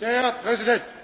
Der Herr Präsident!